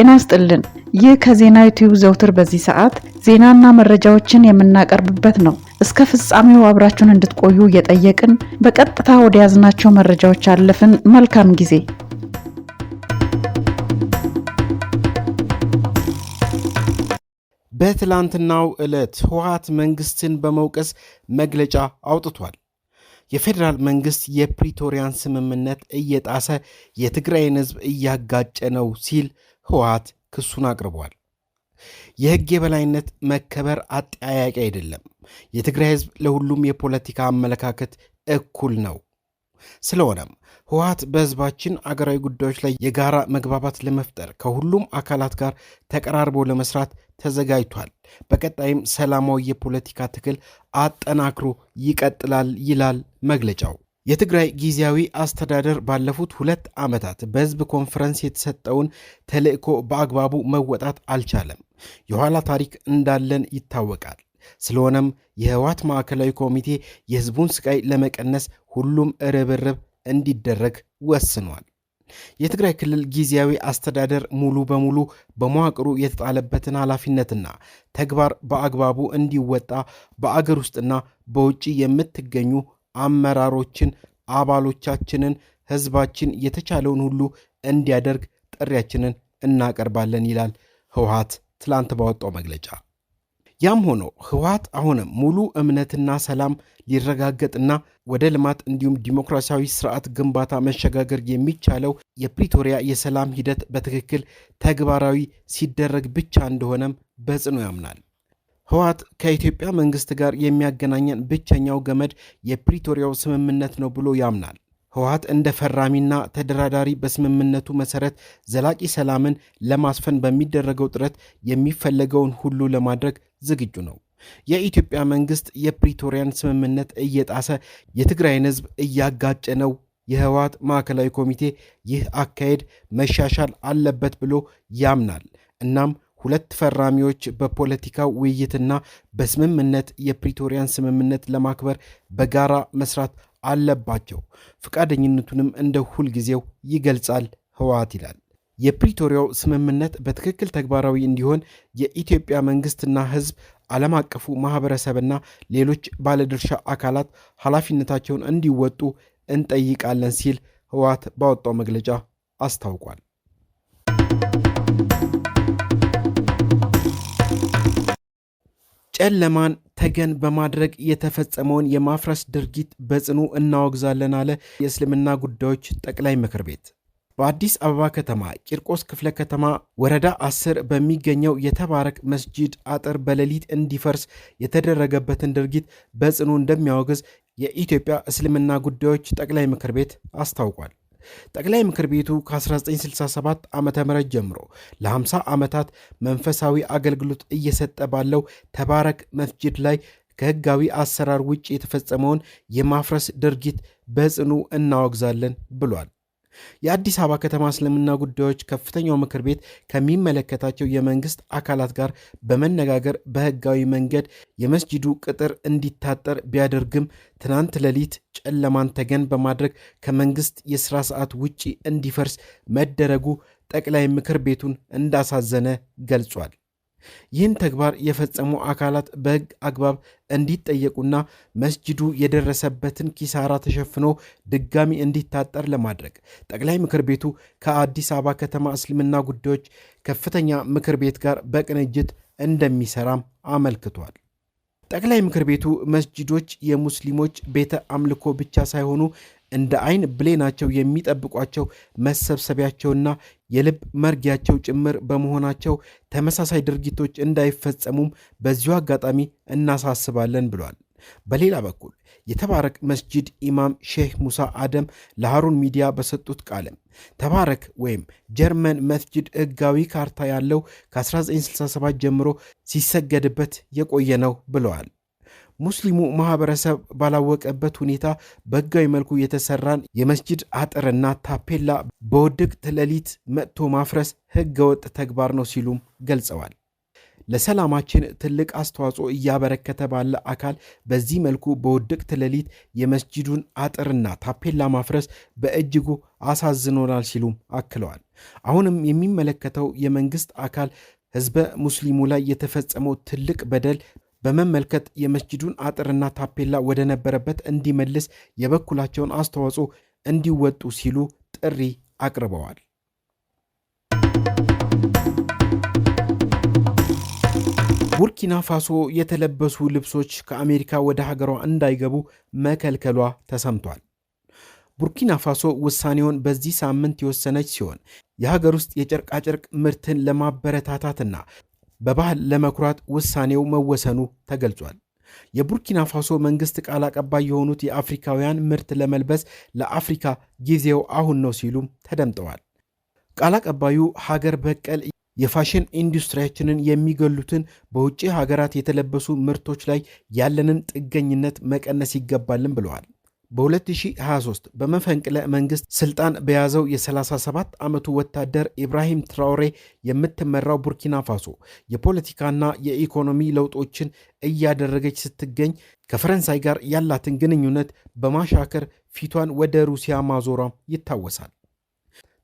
ጤና ይስጥልን። ይህ ከዜና ዩቲዩብ ዘውትር በዚህ ሰዓት ዜናና መረጃዎችን የምናቀርብበት ነው። እስከ ፍጻሜው አብራችሁን እንድትቆዩ እየጠየቅን በቀጥታ ወደ ያዝናቸው መረጃዎች አለፍን። መልካም ጊዜ። በትላንትናው ዕለት ህወሓት መንግስትን በመውቀስ መግለጫ አውጥቷል። የፌዴራል መንግስት የፕሪቶሪያን ስምምነት እየጣሰ የትግራይን ህዝብ እያጋጨ ነው ሲል ህወሓት ክሱን አቅርቧል። የህግ የበላይነት መከበር አጠያያቂ አይደለም። የትግራይ ህዝብ ለሁሉም የፖለቲካ አመለካከት እኩል ነው። ስለሆነም ህወሓት በህዝባችን አገራዊ ጉዳዮች ላይ የጋራ መግባባት ለመፍጠር ከሁሉም አካላት ጋር ተቀራርቦ ለመስራት ተዘጋጅቷል። በቀጣይም ሰላማዊ የፖለቲካ ትግል አጠናክሮ ይቀጥላል ይላል መግለጫው። የትግራይ ጊዜያዊ አስተዳደር ባለፉት ሁለት ዓመታት በሕዝብ ኮንፈረንስ የተሰጠውን ተልዕኮ በአግባቡ መወጣት አልቻለም። የኋላ ታሪክ እንዳለን ይታወቃል። ስለሆነም የህወሓት ማዕከላዊ ኮሚቴ የህዝቡን ስቃይ ለመቀነስ ሁሉም ርብርብ እንዲደረግ ወስኗል። የትግራይ ክልል ጊዜያዊ አስተዳደር ሙሉ በሙሉ በመዋቅሩ የተጣለበትን ኃላፊነትና ተግባር በአግባቡ እንዲወጣ በአገር ውስጥና በውጭ የምትገኙ አመራሮችን፣ አባሎቻችንን፣ ህዝባችን የተቻለውን ሁሉ እንዲያደርግ ጥሪያችንን እናቀርባለን ይላል ህወሀት ትላንት ባወጣው መግለጫ። ያም ሆኖ ህወሀት አሁንም ሙሉ እምነትና ሰላም ሊረጋገጥና ወደ ልማት እንዲሁም ዲሞክራሲያዊ ስርዓት ግንባታ መሸጋገር የሚቻለው የፕሪቶሪያ የሰላም ሂደት በትክክል ተግባራዊ ሲደረግ ብቻ እንደሆነም በጽኑ ያምናል። ህወሓት ከኢትዮጵያ መንግስት ጋር የሚያገናኘን ብቸኛው ገመድ የፕሪቶሪያው ስምምነት ነው ብሎ ያምናል። ህወሓት እንደ ፈራሚና ተደራዳሪ በስምምነቱ መሰረት ዘላቂ ሰላምን ለማስፈን በሚደረገው ጥረት የሚፈለገውን ሁሉ ለማድረግ ዝግጁ ነው። የኢትዮጵያ መንግስት የፕሪቶሪያን ስምምነት እየጣሰ የትግራይን ህዝብ እያጋጨ ነው። የህወሓት ማዕከላዊ ኮሚቴ ይህ አካሄድ መሻሻል አለበት ብሎ ያምናል። እናም ሁለት ፈራሚዎች በፖለቲካ ውይይትና በስምምነት የፕሪቶሪያን ስምምነት ለማክበር በጋራ መስራት አለባቸው። ፈቃደኝነቱንም እንደ ሁልጊዜው ይገልጻል ህወሓት ይላል። የፕሪቶሪያው ስምምነት በትክክል ተግባራዊ እንዲሆን የኢትዮጵያ መንግስትና ህዝብ ዓለም አቀፉ ማኅበረሰብና ሌሎች ባለድርሻ አካላት ኃላፊነታቸውን እንዲወጡ እንጠይቃለን ሲል ህወሓት ባወጣው መግለጫ አስታውቋል። ጨለማን ተገን በማድረግ የተፈጸመውን የማፍረስ ድርጊት በጽኑ እናወግዛለን አለ የእስልምና ጉዳዮች ጠቅላይ ምክር ቤት። በአዲስ አበባ ከተማ ቂርቆስ ክፍለ ከተማ ወረዳ 10 በሚገኘው የተባረክ መስጂድ አጥር በሌሊት እንዲፈርስ የተደረገበትን ድርጊት በጽኑ እንደሚያወግዝ የኢትዮጵያ እስልምና ጉዳዮች ጠቅላይ ምክር ቤት አስታውቋል። ጠቅላይ ምክር ቤቱ ከ1967 ዓ ም ጀምሮ ለ50 ዓመታት መንፈሳዊ አገልግሎት እየሰጠ ባለው ተባረክ መስጅድ ላይ ከህጋዊ አሰራር ውጭ የተፈጸመውን የማፍረስ ድርጊት በጽኑ እናወግዛለን ብሏል። የአዲስ አበባ ከተማ እስልምና ጉዳዮች ከፍተኛው ምክር ቤት ከሚመለከታቸው የመንግስት አካላት ጋር በመነጋገር በህጋዊ መንገድ የመስጂዱ ቅጥር እንዲታጠር ቢያደርግም ትናንት ሌሊት ጨለማን ተገን በማድረግ ከመንግስት የሥራ ሰዓት ውጪ እንዲፈርስ መደረጉ ጠቅላይ ምክር ቤቱን እንዳሳዘነ ገልጿል። ይህን ተግባር የፈጸሙ አካላት በሕግ አግባብ እንዲጠየቁና መስጅዱ የደረሰበትን ኪሳራ ተሸፍኖ ድጋሚ እንዲታጠር ለማድረግ ጠቅላይ ምክር ቤቱ ከአዲስ አበባ ከተማ እስልምና ጉዳዮች ከፍተኛ ምክር ቤት ጋር በቅንጅት እንደሚሰራም አመልክቷል። ጠቅላይ ምክር ቤቱ መስጅዶች የሙስሊሞች ቤተ አምልኮ ብቻ ሳይሆኑ እንደ አይን ብሌናቸው የሚጠብቋቸው መሰብሰቢያቸውና የልብ መርጊያቸው ጭምር በመሆናቸው ተመሳሳይ ድርጊቶች እንዳይፈጸሙም በዚሁ አጋጣሚ እናሳስባለን ብሏል። በሌላ በኩል የተባረክ መስጂድ ኢማም ሼህ ሙሳ አደም ለሐሩን ሚዲያ በሰጡት ቃለ ተባረክ ወይም ጀርመን መስጂድ ሕጋዊ ካርታ ያለው ከ1967 ጀምሮ ሲሰገድበት የቆየ ነው ብለዋል። ሙስሊሙ ማህበረሰብ ባላወቀበት ሁኔታ በህጋዊ መልኩ የተሰራን የመስጅድ አጥርና ታፔላ በውድቅት ሌሊት መጥቶ ማፍረስ ህገወጥ ተግባር ነው ሲሉም ገልጸዋል። ለሰላማችን ትልቅ አስተዋጽኦ እያበረከተ ባለ አካል በዚህ መልኩ በውድቅት ሌሊት የመስጂዱን አጥርና ታፔላ ማፍረስ በእጅጉ አሳዝኖናል ሲሉም አክለዋል። አሁንም የሚመለከተው የመንግስት አካል ህዝበ ሙስሊሙ ላይ የተፈጸመው ትልቅ በደል በመመልከት የመስጂዱን አጥርና ታፔላ ወደ ነበረበት እንዲመልስ የበኩላቸውን አስተዋጽኦ እንዲወጡ ሲሉ ጥሪ አቅርበዋል። ቡርኪና ፋሶ የተለበሱ ልብሶች ከአሜሪካ ወደ ሀገሯ እንዳይገቡ መከልከሏ ተሰምቷል። ቡርኪና ፋሶ ውሳኔውን በዚህ ሳምንት የወሰነች ሲሆን የሀገር ውስጥ የጨርቃጨርቅ ምርትን ለማበረታታትና በባህል ለመኩራት ውሳኔው መወሰኑ ተገልጿል። የቡርኪና ፋሶ መንግስት ቃል አቀባይ የሆኑት የአፍሪካውያን ምርት ለመልበስ ለአፍሪካ ጊዜው አሁን ነው ሲሉም ተደምጠዋል። ቃል አቀባዩ ሀገር በቀል የፋሽን ኢንዱስትሪያችንን የሚገሉትን በውጭ ሀገራት የተለበሱ ምርቶች ላይ ያለንን ጥገኝነት መቀነስ ይገባልን ብለዋል። በ2023 በመፈንቅለ መንግስት ስልጣን በያዘው የ37 ዓመቱ ወታደር ኢብራሂም ትራውሬ የምትመራው ቡርኪና ፋሶ የፖለቲካና የኢኮኖሚ ለውጦችን እያደረገች ስትገኝ ከፈረንሳይ ጋር ያላትን ግንኙነት በማሻከር ፊቷን ወደ ሩሲያ ማዞሯም ይታወሳል።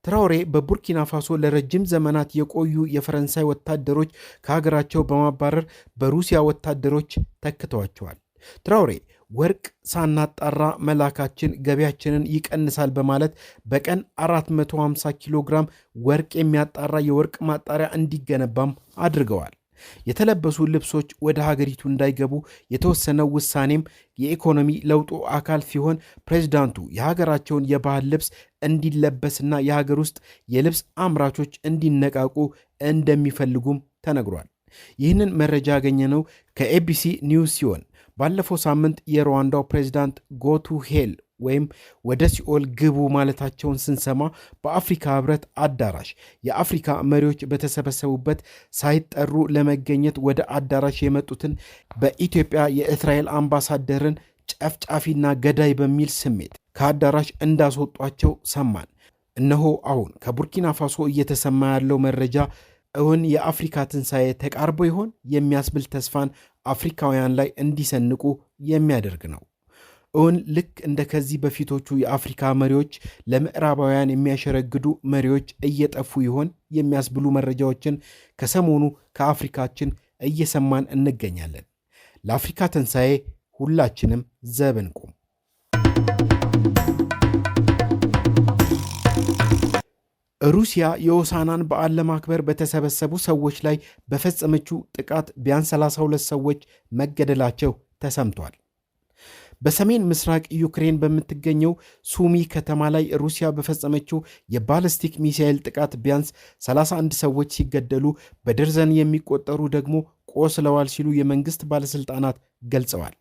ትራውሬ በቡርኪና ፋሶ ለረጅም ዘመናት የቆዩ የፈረንሳይ ወታደሮች ከሀገራቸው በማባረር በሩሲያ ወታደሮች ተክተዋቸዋል። ትራውሬ ወርቅ ሳናጣራ መላካችን ገቢያችንን ይቀንሳል በማለት በቀን 450 ኪሎ ግራም ወርቅ የሚያጣራ የወርቅ ማጣሪያ እንዲገነባም አድርገዋል። የተለበሱ ልብሶች ወደ ሀገሪቱ እንዳይገቡ የተወሰነው ውሳኔም የኢኮኖሚ ለውጡ አካል ሲሆን ፕሬዚዳንቱ የሀገራቸውን የባህል ልብስ እንዲለበስና የሀገር ውስጥ የልብስ አምራቾች እንዲነቃቁ እንደሚፈልጉም ተነግሯል። ይህንን መረጃ ያገኘነው ከኤቢሲ ኒውስ ሲሆን ባለፈው ሳምንት የሩዋንዳው ፕሬዚዳንት ጎቱ ሄል ወይም ወደ ሲኦል ግቡ ማለታቸውን ስንሰማ በአፍሪካ ህብረት አዳራሽ የአፍሪካ መሪዎች በተሰበሰቡበት ሳይጠሩ ለመገኘት ወደ አዳራሽ የመጡትን በኢትዮጵያ የእስራኤል አምባሳደርን ጨፍጫፊና ገዳይ በሚል ስሜት ከአዳራሽ እንዳስወጧቸው ሰማን። እነሆ አሁን ከቡርኪና ፋሶ እየተሰማ ያለው መረጃ እውን የአፍሪካ ትንሣኤ ተቃርቦ ይሆን የሚያስብል ተስፋን አፍሪካውያን ላይ እንዲሰንቁ የሚያደርግ ነው። እውን ልክ እንደ ከዚህ በፊቶቹ የአፍሪካ መሪዎች ለምዕራባውያን የሚያሸረግዱ መሪዎች እየጠፉ ይሆን የሚያስብሉ መረጃዎችን ከሰሞኑ ከአፍሪካችን እየሰማን እንገኛለን። ለአፍሪካ ትንሣኤ ሁላችንም ዘብ እንቁም። ሩሲያ የሆሳናን በዓል ለማክበር በተሰበሰቡ ሰዎች ላይ በፈጸመችው ጥቃት ቢያንስ 32 ሰዎች መገደላቸው ተሰምቷል። በሰሜን ምስራቅ ዩክሬን በምትገኘው ሱሚ ከተማ ላይ ሩሲያ በፈጸመችው የባለስቲክ ሚሳኤል ጥቃት ቢያንስ 31 ሰዎች ሲገደሉ በደርዘን የሚቆጠሩ ደግሞ ቆስለዋል ሲሉ የመንግሥት ባለሥልጣናት ገልጸዋል።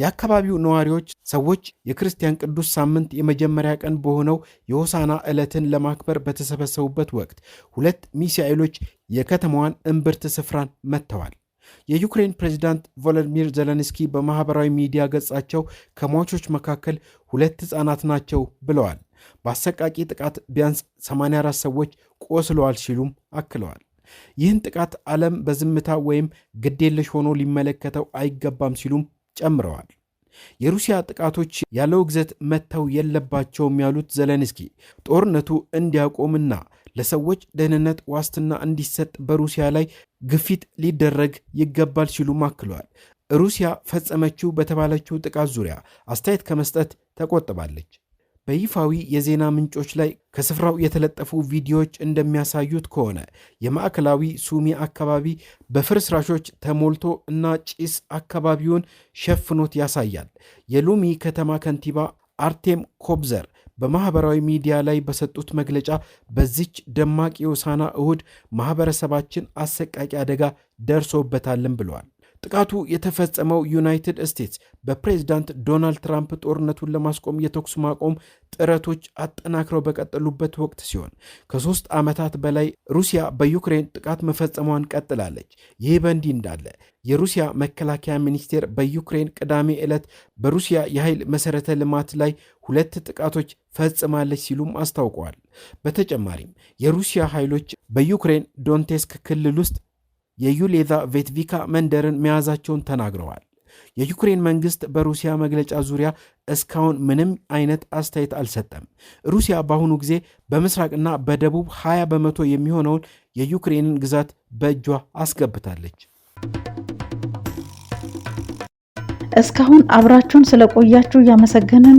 የአካባቢው ነዋሪዎች ሰዎች የክርስቲያን ቅዱስ ሳምንት የመጀመሪያ ቀን በሆነው የሆሳና ዕለትን ለማክበር በተሰበሰቡበት ወቅት ሁለት ሚሳኤሎች የከተማዋን እምብርት ስፍራን መጥተዋል። የዩክሬን ፕሬዚዳንት ቮሎዲሚር ዘለንስኪ በማኅበራዊ ሚዲያ ገጻቸው ከሟቾች መካከል ሁለት ሕፃናት ናቸው ብለዋል። በአሰቃቂ ጥቃት ቢያንስ 84 ሰዎች ቆስለዋል ሲሉም አክለዋል። ይህን ጥቃት ዓለም በዝምታ ወይም ግዴለሽ ሆኖ ሊመለከተው አይገባም ሲሉም ጨምረዋል። የሩሲያ ጥቃቶች ያለ ውግዘት መተው የለባቸውም ያሉት ዘለንስኪ ጦርነቱ እንዲያቆምና ለሰዎች ደህንነት ዋስትና እንዲሰጥ በሩሲያ ላይ ግፊት ሊደረግ ይገባል ሲሉም አክለዋል። ሩሲያ ፈጸመችው በተባለችው ጥቃት ዙሪያ አስተያየት ከመስጠት ተቆጥባለች። በይፋዊ የዜና ምንጮች ላይ ከስፍራው የተለጠፉ ቪዲዮዎች እንደሚያሳዩት ከሆነ የማዕከላዊ ሱሚ አካባቢ በፍርስራሾች ተሞልቶ እና ጭስ አካባቢውን ሸፍኖት ያሳያል። የሉሚ ከተማ ከንቲባ አርቴም ኮብዘር በማኅበራዊ ሚዲያ ላይ በሰጡት መግለጫ በዚች ደማቅ የሆሳዕና እሁድ ማኅበረሰባችን አሰቃቂ አደጋ ደርሶበታልን ብለዋል። ጥቃቱ የተፈጸመው ዩናይትድ ስቴትስ በፕሬዝዳንት ዶናልድ ትራምፕ ጦርነቱን ለማስቆም የተኩስ ማቆም ጥረቶች አጠናክረው በቀጠሉበት ወቅት ሲሆን ከሶስት ዓመታት በላይ ሩሲያ በዩክሬን ጥቃት መፈጸሟን ቀጥላለች። ይህ በእንዲህ እንዳለ የሩሲያ መከላከያ ሚኒስቴር በዩክሬን ቅዳሜ ዕለት በሩሲያ የኃይል መሠረተ ልማት ላይ ሁለት ጥቃቶች ፈጽማለች ሲሉም አስታውቀዋል። በተጨማሪም የሩሲያ ኃይሎች በዩክሬን ዶንቴስክ ክልል ውስጥ የዩሌቫ ቬትቪካ መንደርን መያዛቸውን ተናግረዋል። የዩክሬን መንግስት በሩሲያ መግለጫ ዙሪያ እስካሁን ምንም አይነት አስተያየት አልሰጠም። ሩሲያ በአሁኑ ጊዜ በምስራቅና በደቡብ 20 በመቶ የሚሆነውን የዩክሬንን ግዛት በእጇ አስገብታለች። እስካሁን አብራችሁን ስለቆያችሁ እያመሰገንን